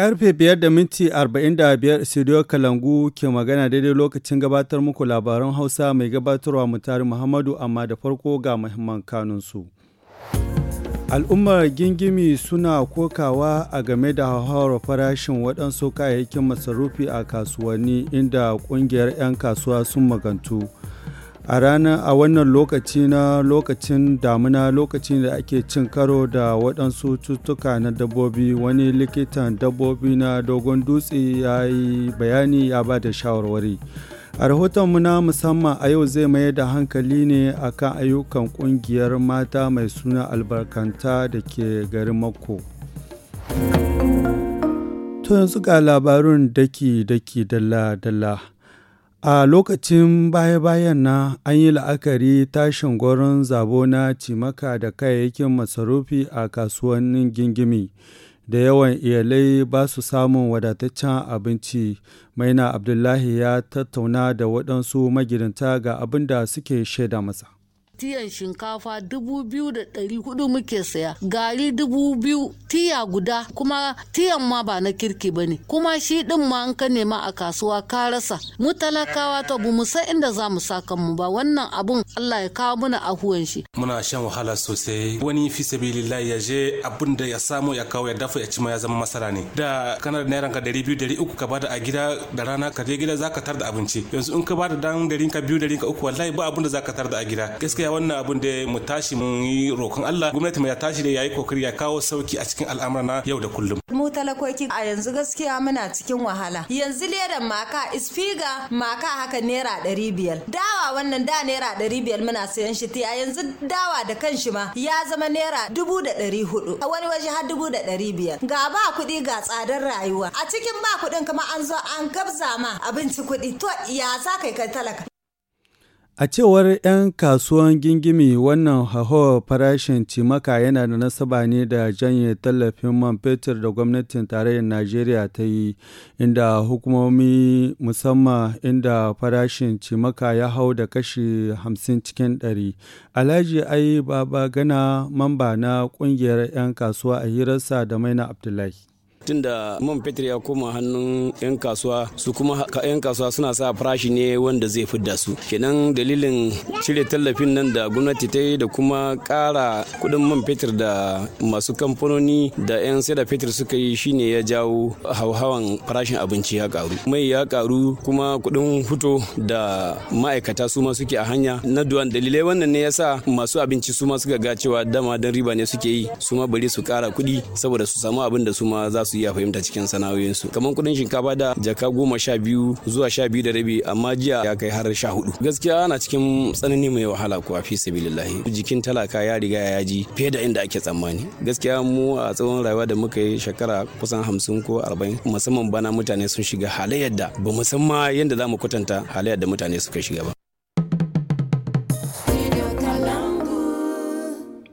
Karfe biyar da Studio Kalangu ke magana daidai lokacin gabatar muku labaran Hausa mai gabatarwa mutari Muhammadu amma da farko ga muhimman kanunsu. Al'ummar gingimi suna kokawa a game da hauhawar farashin waɗansu kayayyakin masarufi a kasuwanni inda ƙungiyar 'yan kasuwa sun magantu. a ranar a wannan lokaci na lokacin damuna lokacin da ake cin karo da waɗansu cutuka na dabbobi wani likitan dabbobi na dogon dutse ya yi bayani ya ba da shawarwari a rahotonmu na musamman a yau zai mayar da hankali ne akan ayyukan ƙungiyar mata mai suna albarkanta da ke garin mako to yanzu ga labarun daki-daki dalla-dalla A lokacin baya-bayan na an yi la'akari tashin gwaron zabo na cimaka da kayayyakin masarufi a kasuwannin Gingimi, da yawan iyalai ba su samun wadataccen abinci. Maina Abdullahi ya tattauna da waɗansu magidanta ga abin da suke shaida masa. tiyan shinkafa dubu biyu da ɗari hudu muke saya gari dubu biyu tiya guda kuma tiyan ma ba na kirki ba ne kuma shi ɗin ma an ka nema a kasuwa ka rasa mu talakawa to bu mu san inda za mu sa kanmu ba wannan abun Allah ya kawo mana ahuwan shi. Muna shan wahala sosai wani fi sabilillahi ya je abun da ya samu ya kawo ya dafa ya cima ya zama masara ne da kana da naira ka dari biyu dari uku ka bada a gida da rana ka je gida za ka tar da abinci yanzu in ka bada dan dari ka biyu dari ka uku wallahi ba abun da za ka tar da a gida gaskiya wannan abun da mu tashi mun yi roƙon Allah gwamnati mai ya tashi da yayi kokari ya kawo sauki a cikin al'amura na yau da kullum mu talakoki a yanzu gaskiya muna cikin wahala yanzu ledan maka isfiga maka haka naira ɗari biyar dawa wannan da naira ɗari biyar muna sayan shi ta yanzu dawa da kanshi ma ya zama naira dubu da ɗari hudu a wani waje har dubu da ɗari biyar ga ba kuɗi ga tsadar rayuwa a cikin ba kuɗin kuma an zo an gabza ma abinci kuɗi to ya za kai talaka A cewar 'yan kasuwan gingimi wannan hauhawar farashin cimaka yana da nasaba ne da janye tallafin man fetur da gwamnatin tarayyar Najeriya ta yi, inda hukumomi musamman inda farashin cimaka ya hau da kashi 50 cikin 100. Alhaji Ai ba Gana mamba na ƙungiyar 'yan kasuwa a hirarsa da Maina Abdullahi. tunda man fetur ya koma hannun 'yan kasuwa su kuma 'yan kasuwa suna sa farashi ne wanda zai fidda su kenan dalilin cire tallafin nan da gwamnati ta yi da kuma kara kuɗin man fetur da masu kamfanoni da 'yan sai da fetur suka yi shine ya jawo hauhawan farashin abinci ya karu mai ya karu kuma kuɗin huto da ma'aikata su ma suke a hanya na duwan dalilai wannan ne ya sa masu abinci su ma suka ga cewa dama dan riba ne suke yi su ma bari su kara kuɗi saboda su samu abin da su ma za su ya fahimta cikin su. kamar kudin shinkafa da jaka goma sha biyu zuwa sha biyu da rabi amma jiya ya kai har sha hudu gaskiya ana cikin tsanani mai wahala kuwa fi sabilillahi jikin talaka ya riga ya ji fiye da inda ake tsammani gaskiya mu a tsawon rayuwa da muka yi shekara kusan hamsin ko arba'in musamman bana mutane sun shiga halayyar da ba musamman yadda za mu kwatanta halayyar da mutane suka shiga ba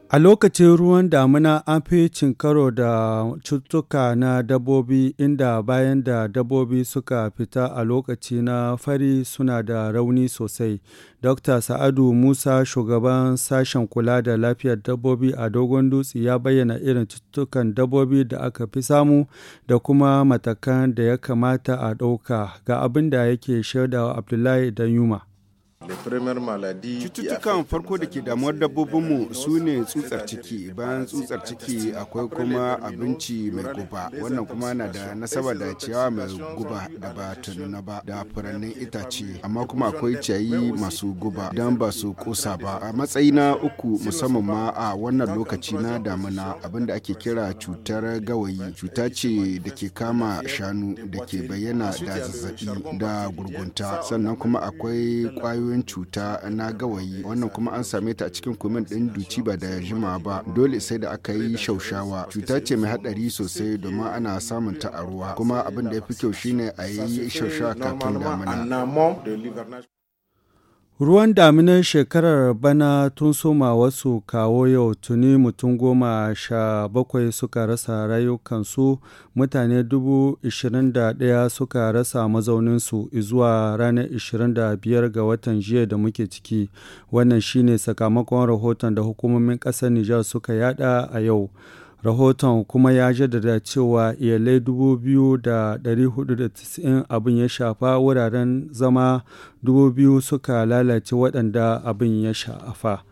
A lokacin ruwan damuna, an fi cin karo da cutuka na dabbobi inda bayan da dabbobi suka fita a lokaci na fari suna da rauni sosai. Dr. Sa'adu Musa shugaban sashen kula da lafiyar dabbobi a Dogon Dutse ya bayyana irin cutukan dabbobi da aka fi samu da kuma matakan da ya kamata a ɗauka ga abin da yake shaidawa Abdullahi Danyuma. Cututtukan farko da ke damuwar dabbobinmu su ne tsutsar ciki, bayan tsutsar ciki akwai kuma abinci mai guba, wannan kuma na da nasaba da ciyawa mai guba da ba tununa ba da furannin itace, amma kuma akwai ciyayi masu guba don ba su kusa ba. A matsayi na uku musamman ma a wannan lokaci na damuna abin ake kira cutar gawayi, cuta ce da ke kama shanu da ke bayyana da zazzabi da gurgunta, sannan kuma akwai kwayoyin alamomin cuta na gawayi wannan kuma an same ta a cikin kumin ɗin duci ba da jima ba dole sai da aka yi shaushawa cuta ce mai haɗari sosai domin ana samun ta a ruwa kuma abin da ya fi kyau shine a yi shaushawa kafin damina Ruwan daminar shekarar bana tun soma wasu kawo yau tuni mutum goma sha bakwai suka rasa rayukansu mutane dubu ishirin da ɗaya suka rasa mazauninsu zuwa ranar ishirin da biyar ga watan jiya da muke ciki wannan shine sakamakon rahoton da hukumomin ƙasar Nijar suka yada a yau. rahoton kuma ya jaddada cewa iyalai 2,490 abin ya shafa wuraren zama 2,000 suka lalace waɗanda abin ya shafa.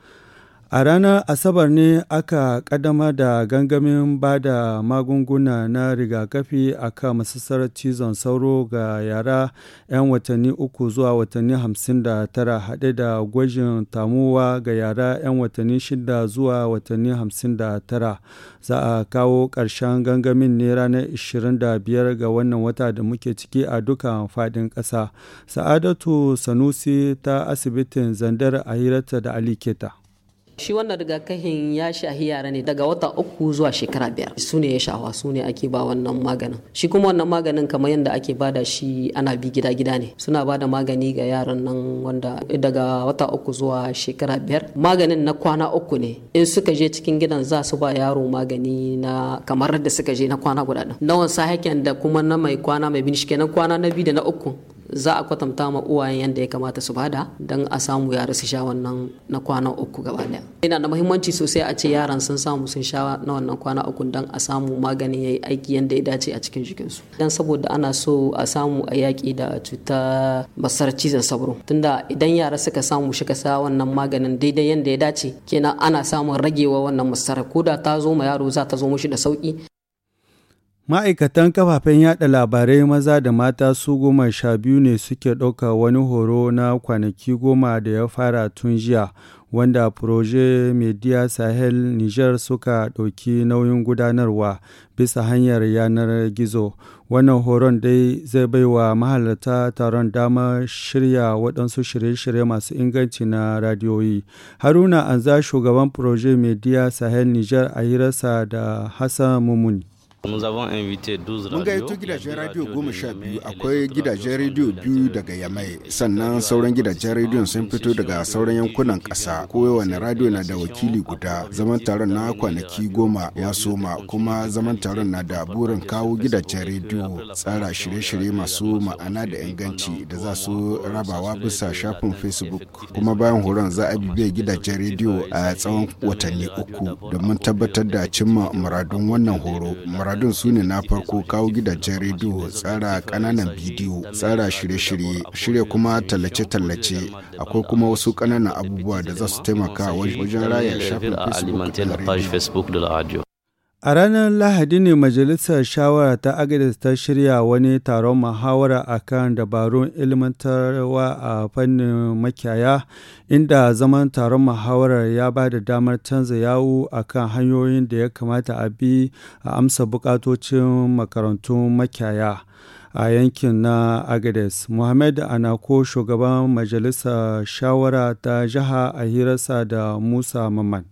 A ranar Asabar ne aka ƙaddamar da gangamin ba da magunguna na rigakafi a kan masassar cizon sauro ga yara 'yan watanni uku zuwa watanni hamsin da tara haɗe da gwajin tamuwa ga yara 'yan watanni shida zuwa watanni hamsin da tara. Za a kawo ƙarshen gangamin ne ranar 25 ga wannan wata da muke ciki a duka faɗin ƙasa. Sa'adatu Sanusi ta asibitin Zandar a hirarta da Ali Keta. shi wannan rigakafin ya shahi yara ne daga wata uku zuwa shekara biyar su ne ya shawa su ne ake ba wannan maganin shi kuma wannan maganin kamar yadda ake bada shi ana bi gida gida ne suna bada magani ga yaran nan wanda daga wata uku zuwa shekara biyar maganin na kwana uku ne in suka je cikin gidan za su ba yaro magani na kamar da suka je na kwana guda nawan sahaken da kuma na mai kwana mai bin shi kenan kwana na biyu da na uku za a kwatanta ma uwayen yadda ya kamata su bada don a samu yara su sha wannan na kwana uku gaba daya yana da muhimmanci sosai a ce yaran sun samu sun sha na wannan kwana uku don a samu magani ya yi aiki yadda ya dace a cikin jikinsu don saboda ana so a samu a yaƙi da cuta masar cizon sauro tunda idan yara suka samu shi sa wannan maganin daidai yadda ya dace kenan ana samun ragewa wannan masarar ko da ta zo ma yaro za ta zo mushi da sauki Ma'aikatan kafafen yada labarai maza da mata su goma sha biyu ne suke ɗaukar wani horo na kwanaki goma da ya fara tun jiya, wanda Proje Media Sahel Niger suka ɗauki nauyin gudanarwa bisa hanyar yanar gizo. Wannan horon dai zai baiwa mahalarta taron damar shirya waɗansu shirye-shirye masu inganci na radiyoyi. Haruna Anza, shugaban Proje Media Sahel Niger a hirarsa da Hassan Mumuni. Mun gayyato gidajen radio goma sha biyu akwai gidajen radio biyu daga Yamai sannan sauran gidajen radio sun fito daga sauran yankunan ƙasa kowane radio na da wakili guda zaman taron na kwanaki goma ya soma kuma zaman taron na da burin kawo gidajen radio tsara shirye-shirye masu ma'ana da inganci da za su rabawa bisa shafin facebook kuma bayan horon za a bibiya gidajen radio a tsawon watanni uku domin tabbatar da cimma muradun wannan horo al'adun su ne na farko kawo gidajen rediyo tsara ƙananan bidiyo tsara shirye-shirye shirye kuma tallace-tallace akwai kuma wasu ƙananan abubuwa da za su taimaka wajen raya shafin facebook da radio A ranar Lahadi ne Majalisar Shawara ta Agadez ta shirya wani taron muhawara a kan dabarun ilmantarwa a fannin makiyaya, inda zaman taron muhawarar ya ba da damar canza yawu a kan hanyoyin da ya kamata a bi a amsa bukatocin makarantun makiyaya. a yankin na agades muhammad anako shugaban majalisar shawara ta jiha a hirarsa da musa maman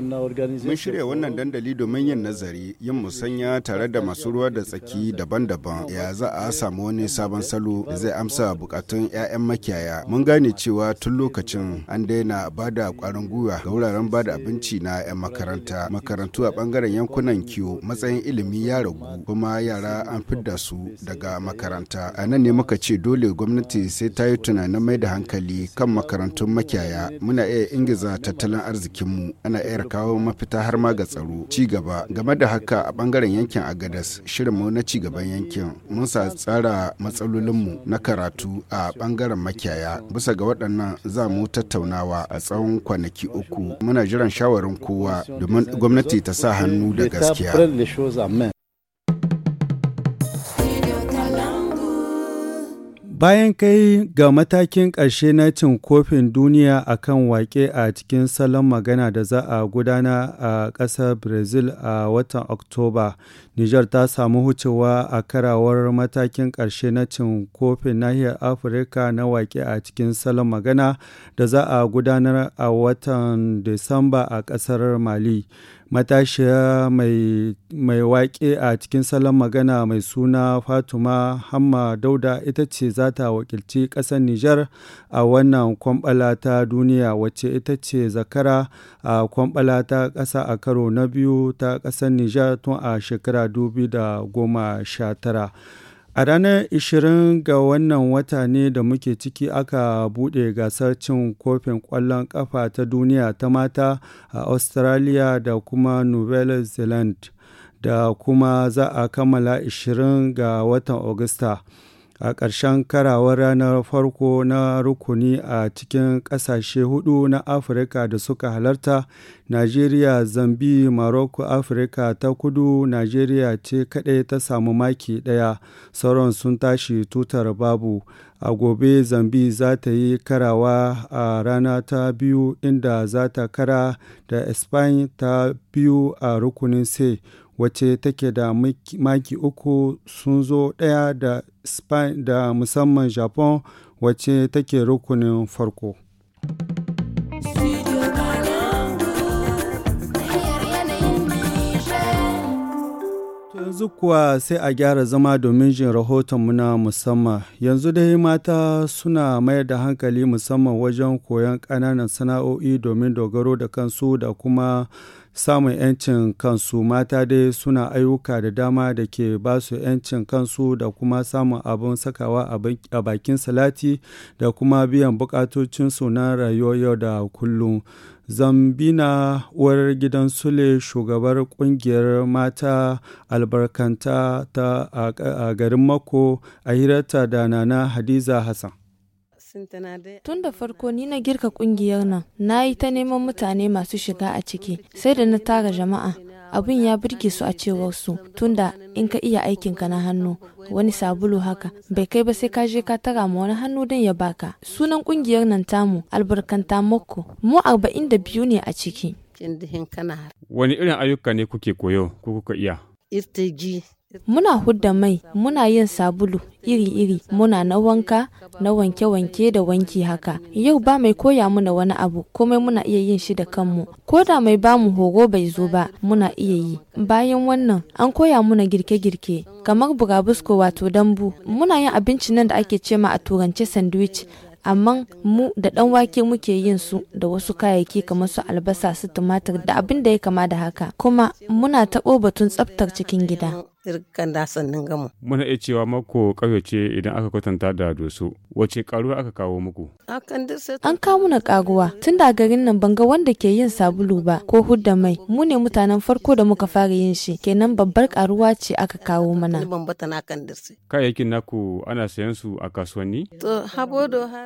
Mun shirya wannan dandali domin yin nazari, yin musanya tare da masu ruwa da tsaki daban-daban ya za a samu wani sabon salo da zai amsa bukatun 'ya'yan makiyaya. Mun gane cewa tun lokacin an daina ba da kwarin gwiwa ga wuraren ba da abinci na 'yan makaranta. Makarantu a bangaren yankunan kiwo matsayin ilimi ya ragu kuma yara an fidda su daga makaranta. A nan ne muka ce dole gwamnati sai ta yi tunanin mai da hankali kan makarantun makiyaya. Muna iya ingiza tattalin arzikinmu. Ana iya kawo mafita har ma ga tsaro ci gaba game da haka a bangaren yankin agadas shirinmu na ci gaban yankin mun sa tsara matsalolinmu na karatu a bangaren makiyaya bisa ga waɗannan za mu tattaunawa a tsawon kwanaki uku muna jiran shawarin kowa domin gwamnati ta sa hannu da gaskiya Bayan kai ga matakin ƙarshe na cin kofin duniya a kan waƙe a cikin salon magana da za a gudana a ƙasar Brazil a watan Oktoba, Nijar ta samu hucewa a karawar matakin ƙarshe na cin kofin nahiyar Afirka na waƙe a cikin salon magana da za a gudanar a watan Disamba a ƙasar Mali. matashiya mai waƙe a cikin salon magana mai suna fatima hamma dauda ita ce za ta wakilci ƙasar nijar a wannan kwamɓala ta duniya wacce ita ce zakara a kwamɓala ta ƙasa a karo na biyu ta ƙasar nijar tun a shekara 2019 A ranar 20 ga wannan wata ne da muke ciki aka buɗe gasar cin kofin ƙwallon ƙafa ta duniya ta mata a Australia da kuma Nouvelle Zealand da kuma za a kammala 20 ga watan Agusta. a ƙarshen karawar ranar farko na rukuni a cikin ƙasashe hudu na afirka da suka halarta najeriya zambi maroko afirka ta kudu najeriya ce kaɗai ta samu maki ɗaya sauran sun tashi tutar babu a gobe zambi za ta yi karawa a rana ta biyu inda za ta kara da spain ta biyu a rukunin sai. wacce take da maki uku sun zo ɗaya da spain da musamman japan wacce take rukunin farko yanzu kuwa sai a gyara zama domin jin rahotonmu na musamman yanzu dai mata suna mayar da hankali musamman wajen koyon ƙananan sana'o'i domin dogaro da kansu da kuma samun 'yancin kansu mata dai suna ayyuka da dama da ke ba su 'yancin kansu da kuma samun abin sakawa a bakin salati da kuma biyan bukatocinsu na rayuwar yau da kullum zambina uwar gidan sule shugabar kungiyar mata albarkanta ta a garin mako a hirarta da nana hadiza hassan Tun da farko ni na girka kungiyar nan, na yi ta neman mutane masu shiga a ciki, sai da na tara jama'a. Abin ya birge su a cewar su, tun da in ka iya aikinka na hannu, wani sabulu haka, bai kai ba sai ka je ka tara ma wani hannu don ya baka. Sunan kungiyar nan tamu, albarkanta moko, mu arba'in da biyu ne a ciki. Wani irin ayyuka ne kuke koyo, ko kuka iya? Muna hudda mai, muna yin sabulu iri-iri, muna na wanka, na wanke-wanke da wanki haka. Yau ba mai koya muna wani abu, komai muna iya yin shi da kanmu. Ko da mai bamu horo bai zo ba, muna iya yi. Bayan wannan, an koya muna girke-girke, kamar burabusko wato dambu. Muna yin abinci nan da ake ce ma a turance sandwich. amma mu da ɗan wake muke yin su da wasu kayayyaki kamar su albasa su tumatir da abin da ya kama da haka kuma muna taɓo batun tsaftar cikin gida sirkan da gamu. Muna iya cewa mako ƙauyace idan aka kwatanta da doso. Wace ƙaruwa aka kawo muku? An kawo muna karuwa tun da garin nan banga wanda ke yin sabulu ba ko hudda mai. Mu ne mutanen farko da muka fara yin shi kenan babbar karuwa ce aka kawo mana. Kayayyakin naku ana sayan su a kasuwanni?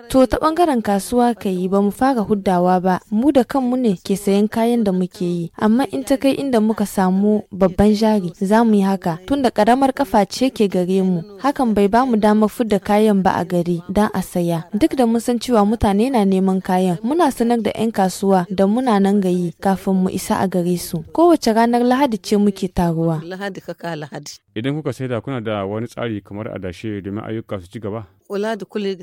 To ta ɓangaren kasuwa ka yi ba mu fara huddawa ba mu da kanmu ne ke sayan kayan da muke yi amma in ta kai inda muka samu babban jari za mu yi haka tunda karamar kafa ce ke gare mu hakan bai ba mu damar fidda kayan ba a gari don a saya duk da mun san cewa mutane na neman kayan muna sanar da 'yan kasuwa da muna nan gayi kafin mu isa a gare su kowace ranar lahadi ce muke taruwa lahadi kaka lahadi idan kuka saida kuna da wani tsari kamar adashe domin ayyuka su ci gaba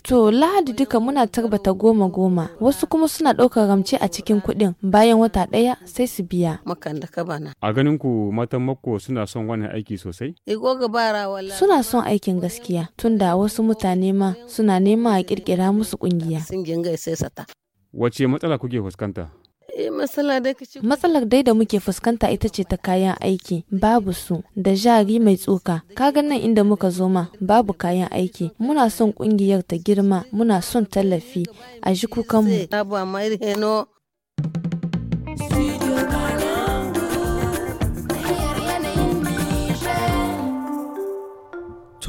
To lahadi duka muna tarbata goma goma wasu kuma suna ɗaukar ramce a cikin kuɗin bayan wata ɗaya sai su biya. A ganin ku matan mako suna son wannan aiki sosai? Eh, suna son aikin gaskiya tunda wasu mutane ma suna nema a ƙirƙira musu ƙungiya. Wace matsala kuke fuskanta? Eh, Matsalar dai da muke fuskanta ita ce ta kayan aiki, babu su, da jari mai tsoka. Ka nan inda muka zo ma, babu kayan aiki. Muna son kungiyar ta girma, muna son tallafi, a ji kukanmu.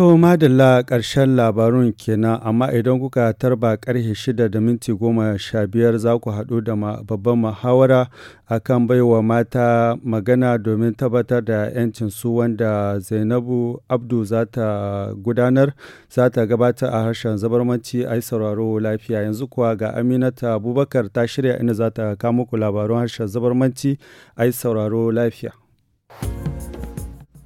To madalla ƙarshen labarun kenan amma idan kuka tarba ƙarfe shida da minti goma sha biyar za ku haɗu da babban muhawara kan baiwa mata magana domin tabbatar da yancin su wanda Zainabu Abdu za ta gudanar za ta gabata a harshen zabarmanci a yi sauraro lafiya yanzu kuwa ga Aminata Abubakar ta shirya inda za ta kamo ku labarun harshen zabarmanci a yi sauraro lafiya.